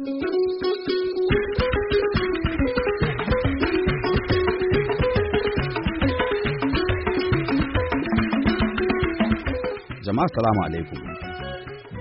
Jama'a salamu alaikum.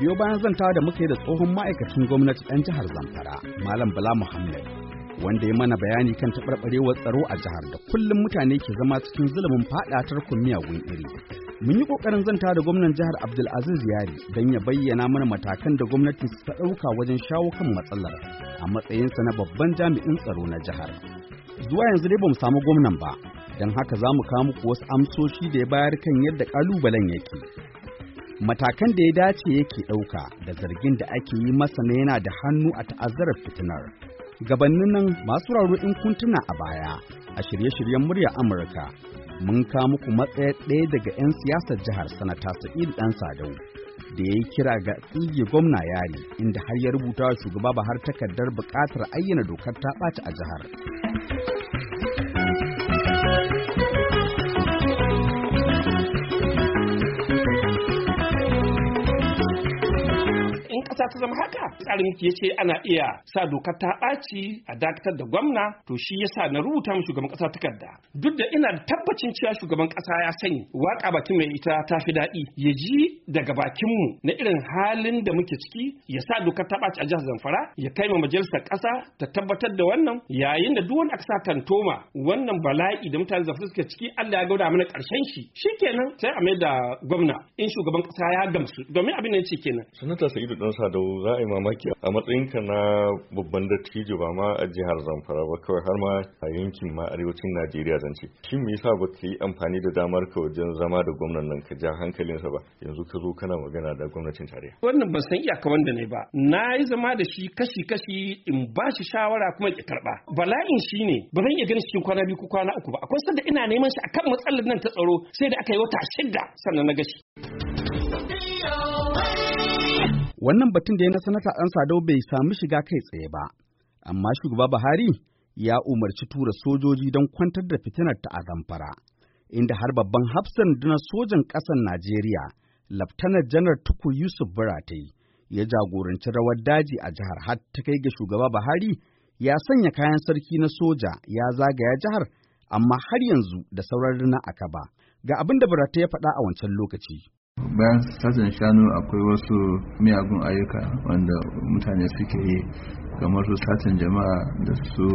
Biyo bayan zanta da muke da tsohon ma'aikacin gwamnati ɗan jihar Zamfara, Malam Bala Muhammad wanda ya mana bayani kan taɓarɓarewar tsaro a jihar da kullum mutane ke zama cikin zulumin faɗatar tarkon miyagun iri. Mun yi ƙoƙarin zanta da gwamnan jihar Abdulaziz Yari don ya bayyana mana matakan da gwamnati ta ɗauka wajen shawo kan matsalar a matsayinsa na babban jami'in tsaro na jihar. Zuwa yanzu dai bamu samu gwamnan ba, don haka za mu kawo muku wasu amsoshi da ya bayar kan yadda ƙalubalen yake. matakan da ya dace yake ɗauka da zargin da ake yi masa na yana da hannu a ta'azzarar fitinar gabanin nan masu raro in kun a baya a shirye-shiryen murya amurka mun ka muku matsaya ɗaya daga 'yan siyasar jihar sanata sa'id ɗan sadau da ya yi kira ga tsige gwamna yari inda har ya rubuta shugaba ba har takardar buƙatar ayyana dokar ta ɓaci a jihar ƙasa ta zama haka tsarin ya ce ana iya sa dokar ta ɓaci a dakatar da gwamna to shi yasa na rubuta mu shugaban ƙasa takarda duk da ina da tabbacin cewa shugaban ƙasa ya sani waka bakin mai ita ta fi daɗi ya ji daga bakin mu na irin halin da muke ciki ya sa dokar ta ɓaci a jihar Zamfara ya kai ma majalisar ƙasa ta tabbatar da wannan yayin da duk wani aka sa tantoma wannan bala'i da mutane Zamfara suke ciki Allah ya gauda mana ƙarshen shi shikenan sai a mai da gwamna in shugaban ƙasa ya gamsu domin abin da ya kenan sanata da dan sa da za a yi mamaki a matsayinka na babban dattijo ba ma a jihar Zamfara ba kawai har ma a yankin ma arewacin Najeriya zan ce. shi me yasa baka yi amfani da damar ka wajen zama da gwamnan nan ka ja hankalinsa ba yanzu ka zo kana magana da gwamnatin tarayya. Wannan ban san iyaka wanda ne ba. Na yi zama da shi kashi-kashi in ba shi shawara kuma ya karɓa. Bala'in shi ne ba zan iya ganin cikin kwana biyu ko kwana uku ba. Akwai sanda ina neman shi akan matsalar nan ta tsaro sai da aka yi wata shidda sannan na gashi. Wannan batun da ya na sanata ɗan Sadau bai sami shiga kai tsaye ba, amma shugaba Buhari ya umarci tura sojoji don kwantar da fitinar ta a zamfara, inda har babban hafsan na sojan ƙasar Najeriya, Laftanar Janar Tukur Yusuf Buratai, ya jagoranci rawar daji a jihar har ta kai ga shugaba Buhari ya sanya kayan sarki na soja ya zagaya jihar amma har yanzu da sauran rina aka ba. Ga abin da Buratai ya faɗa a wancan lokaci. bayan satin shanu akwai wasu miyagun ayyuka wanda mutane suke yi kamar su satin jama'a da su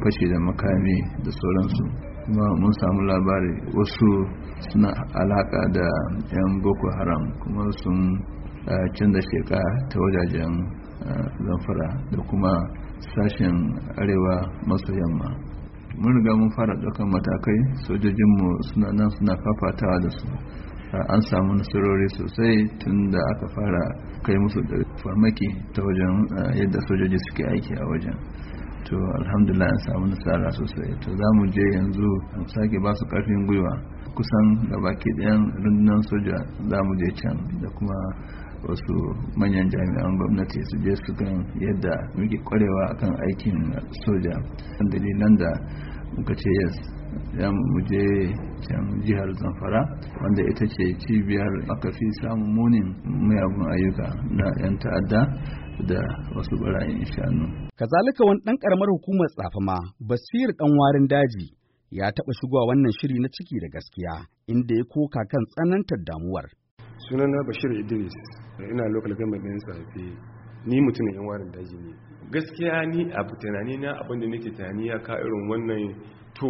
fashe da makami da sauransu kuma mun samu labari wasu suna alaka da 'yan boko haram kuma sun canza sheka ta wajajen zamfara da kuma sashen arewa masu yamma mun riga mun fara ɗaukar matakai sojojinmu suna nan suna fafatawa da su an samu nasarori sosai tun da aka fara kai musu da farmaki ta wajen eh, yadda sojoji suke aiki a wajen to alhamdulillah an samu nasara sosai to za mu je yanzu mu sake ba su karfin gwiwa kusan da baki ɗayan rundunar soja za mu je can da kuma wasu manyan jami'an gwamnati su je su gan yadda muke kwarewa akan aikin soja dalilan da muka ce yes ya muje can jihar zamfara wanda ita ce cibiyar aka fi samun munin mayagun ayyuka na 'yan ta'adda da wasu barayin shanu. kazalika wani ɗan ƙaramar hukumar tsafama basir ɗan warin daji ya taɓa shigowa wannan shiri na ciki da gaskiya inda ya koka kan tsanantar damuwar sunana bashir idris ina local government ɗin tsafi ni mutumin yan warin daji ne gaskiya ni a tunani na abin nake tunani ya ka irin wannan to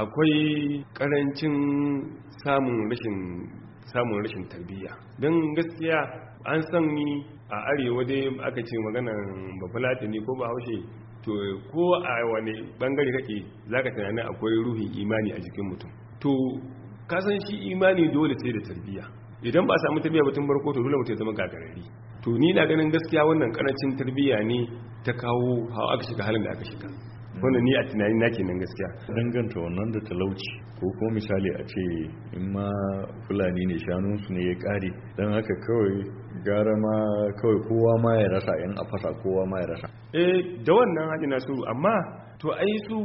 akwai karancin samun rashin samun rashin tarbiyya don gaskiya an san ni a arewa dai aka ce maganan bafulata ne ko ba haushe to ko a wani bangare kake zaka tunani akwai ruhin imani a jikin mutum to kasan shi imani dole sai da tarbiyya idan ba a samu tarbiyya batun barko to dole mutum ya zama gagarari to ni na ganin gaskiya wannan karancin tarbiyya ne ta kawo hawa aka shiga halin da aka shiga wannan ni a tunanin na kenan gaskiya danganta wannan da talauci ko ko misali a ce in ma fulani ne su ne ya kare don haka kawai gara ma kawai kowa ma ya rasa in a fasa kowa ma ya rasa eh da wannan hajji na su amma to ai su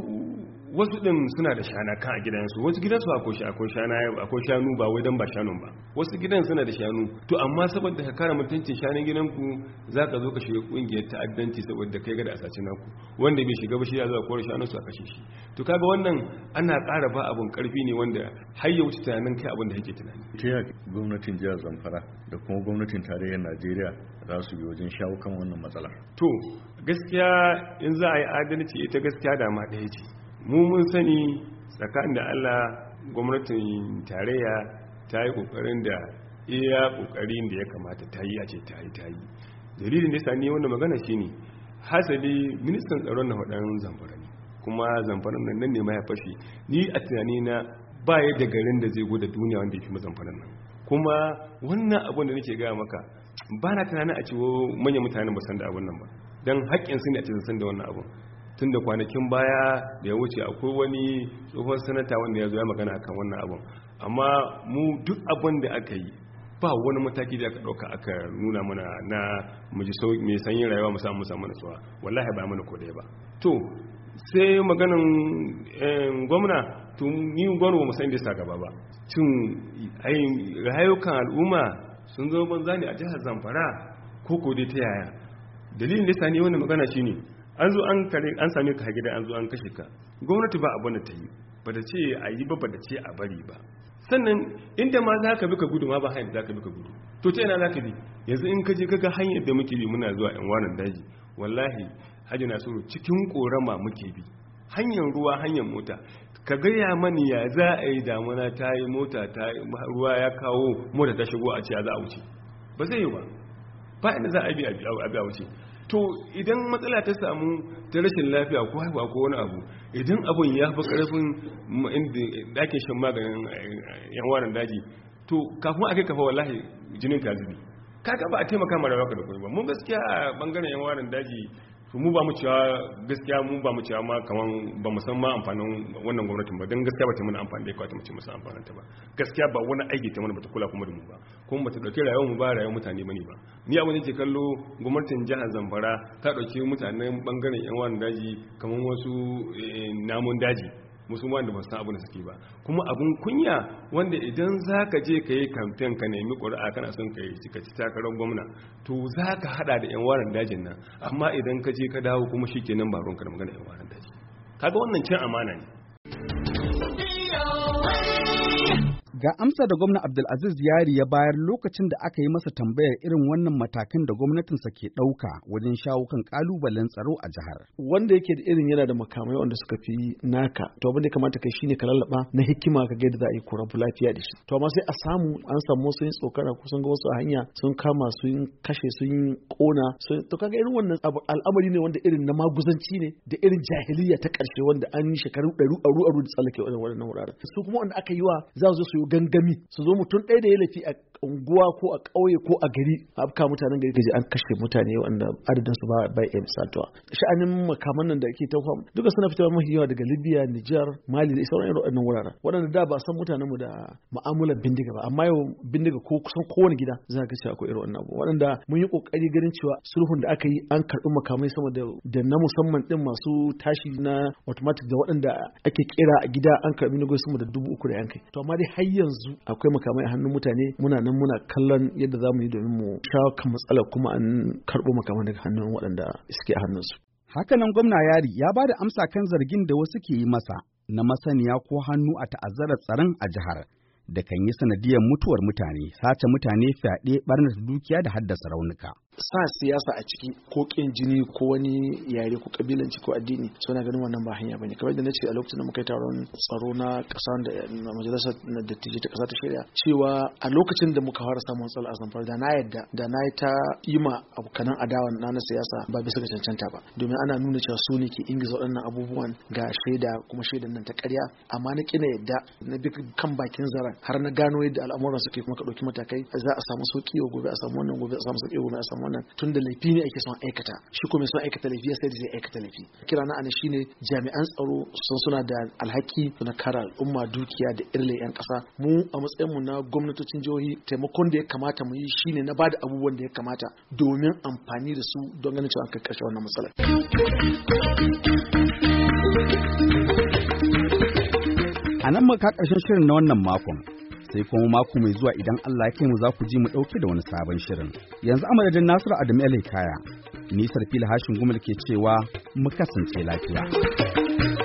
wasu din suna da shana kan a gidansu wasu gidansu akwai shanu ba wai ba shanun ba wasu gidan suna da shanu to amma saboda ka kara mutuncin shanun gidanku za ka zo ka shiga kungiyar ta'addanci saboda kai gada a sace naku wanda bai shiga ba shi ya zo kore shanun su a kashe shi to kaga wannan ana kara ba abun karfi ne wanda har ya wuce tunanin kai abin da kake tunani ta ya gwamnatin jihar Zamfara da kuma gwamnatin tarayyar Najeriya za su yi wajen shawo kan wannan matsala to gaskiya in za a yi adalci ita gaskiya da ma ɗaya ce mu mun sani tsakanin da allah gwamnatin tarayya ta yi kokarin da iya kokarin da ya kamata ta yi a ce ta yi ta yi dalilin da sani wanda magana shi ne hasali ministan tsaron na hudun zamfara kuma zamfarin nan nan ne ma ya fashe ni a tunani na ba ya da garin da zai gode duniya wanda ya fi mazamfarin nan kuma wannan abin da nake gaya maka ba na tunanin a ciwo manyan mutanen ba san da abin nan ba don haƙƙin su ne a cikin san da wannan abin tun da kwanakin baya da ya wuce akwai wani tsohon sanata wanda ya zo ya magana akan wannan abin amma mu duk abin da aka yi ba wani mataki da aka ɗauka aka nuna mana na mai sanyin rayuwa musamman musamman tsuwa wallahi ba mana kodai ba to sai maganin eh, gwamna tun ni gwamna ba musamman da sa gaba ba cin rayukan al'umma sun zama banza ne a jihar zamfara ko kodai ta yaya dalilin da ya sani wani magana shine an zo an kare an same ka gida an zo an kashe ka gwamnati ba abin da ta yi ba da ce a yi ba ba da ce a bari ba sannan inda ma za ka bi ka gudu ma ba hanyar za ka bi ka gudu to ta yana za ka bi yanzu in ka je ka ga hanyar da muke bi muna zuwa yan wanan daji wallahi hajji so cikin korama muke bi hanyar ruwa hanyar mota ka gaya mani ya za a yi damuna ta yi mota ta ruwa ya kawo mota ta shigo a ce za a wuce ba zai yi ba ba inda za a bi a wuce to idan matsala ta samu ta rashin lafiya ko haifa ko wani abu idan abun ya fi karfin inda dakin shan maganin eh, yan waran daji to kafin a kai kafa wallahi jinin ka zubi ba a taimaka mara baka da ba mun gaskiya a bangaren yan warin daji su mu ba mu cewa gaskiya mu ba mu cewa ma kaman ba mu san ma amfanin wannan gwamnatin ba don gaskiya ba ta mana amfani da kawai mu mace musu amfanin ta ba gaskiya ba wani aiki ta mana ba ta kula kuma da mu ba kuma ba ta dauke rayuwar mu ba rayuwar mutane bane ba ni abin da ke kallo gwamnatin jihar Zamfara ta dauke mutanen bangaren yan wani daji kaman wasu eh, namun daji musulman da masu abu da suke ba kuma abin kunya wanda idan za ka je ka yi kamfen ka nemi ƙuri'a kana son ka yi cika ci takarar gwamna to za ka haɗa da yan waran dajin nan amma idan ka je ka dawo kuma shi ke nan ba ruwanka da magana yan waran daji ga wannan cin amana ne Ga amsa da gwamna Abdulaziz Yari ya bayar lokacin da aka yi masa tambayar irin wannan matakan da gwamnatinsa ke ɗauka wajen shawo kan ƙalubalen tsaro a jihar. Wanda yake da irin yana da makamai wanda suka fi naka, to abin da kamata kai shine ka lallaba na hikima ka gaida za a yi kurafu lafiya da shi. To amma sai a samu an samu sun yi tsokana ko sun ga wasu a hanya sun kama sun kashe sun kona. To kaga irin wannan al'amari ne wanda irin na maguzanci ne da irin jahiliya ta ƙarshe wanda an yi shekaru ɗaru a aru da tsallake wannan wuraren. Su kuma wanda aka yi wa za su zo su gangami su zo mutum ɗaya da ya lafi a unguwa ko a ƙauye ko a gari afka mutanen gari kaje an kashe mutane wanda adadin su ba bai iya misaltuwa sha'anin makaman nan da ake ta duka suna fitowa mafi yawa daga Libya Niger Mali da sauran da waɗannan wuraren waɗanda da ba san mutanen mu da mu'amalar bindiga ba amma yau bindiga ko kusan kowane gida za ka cewa akwai irin wannan abu waɗanda mun yi kokari ganin cewa sulhun da aka yi an karɓi makamai sama da da na musamman din masu tashi na automatic da waɗanda ake kira a gida an karɓi na sama da dubu uku da yankai to amma dai har yanzu akwai makamai a hannun mutane muna nan muna kallon yadda za mu yi domin mu shawo kan matsalar kuma an karɓo makaman daga hannun waɗanda suke a hannunsu. Hakanan gwamna yari ya ba da amsa kan zargin da wasu ke yi masa na masaniya ko hannu a ta'azzarar tsaron a jihar da kan yi sanadiyar mutuwar mutane, sace mutane fyaɗe, ɓarnar dukiya da haddasa raunuka. sa siyasa a ciki ko kin jini ko wani yare ko kabilanci ko addini suna na ganin wannan ba hanya bane kamar da nace a lokacin da muka yi taron tsaro na kasa da majalisar dattijai ta kasa ta shirya cewa a lokacin da muka fara samun matsala a zamfara da na yadda da na yi ta ima ma abokanan adawa na na siyasa ba bisa ga cancanta ba domin ana nuna cewa su ne ke ingiza waɗannan abubuwan ga shaida kuma shaidan nan ta ƙarya amma na kina yadda na bi kan bakin zaren har na gano yadda al'amuran suke kuma ka ɗauki matakai za a samu sauƙi gobe a samu wannan gobe a samu sauƙi gobe a samu wannan tun da laifi ne ake son aikata shi kuma son aikata laifi ya sai zai aikata laifi kira na ana shine jami'an tsaro sun suna da alhaki na kara al'umma dukiya da irle yan kasa mu a matsayin mu na gwamnatocin jihohi taimakon da ya kamata mu yi shine na bada abubuwan da ya kamata domin amfani da su don ganin cewa an kashe wannan matsalar a nan muka ƙarshen shirin na wannan makon sai kuma mako mai zuwa idan Allah ya kai mu za ku ji mu ɗauke da wani sabon shirin. Yanzu a madadin Nasiru Adamu Ele Kaya, ni Sarfila Hashin Gumal ke cewa mu kasance lafiya.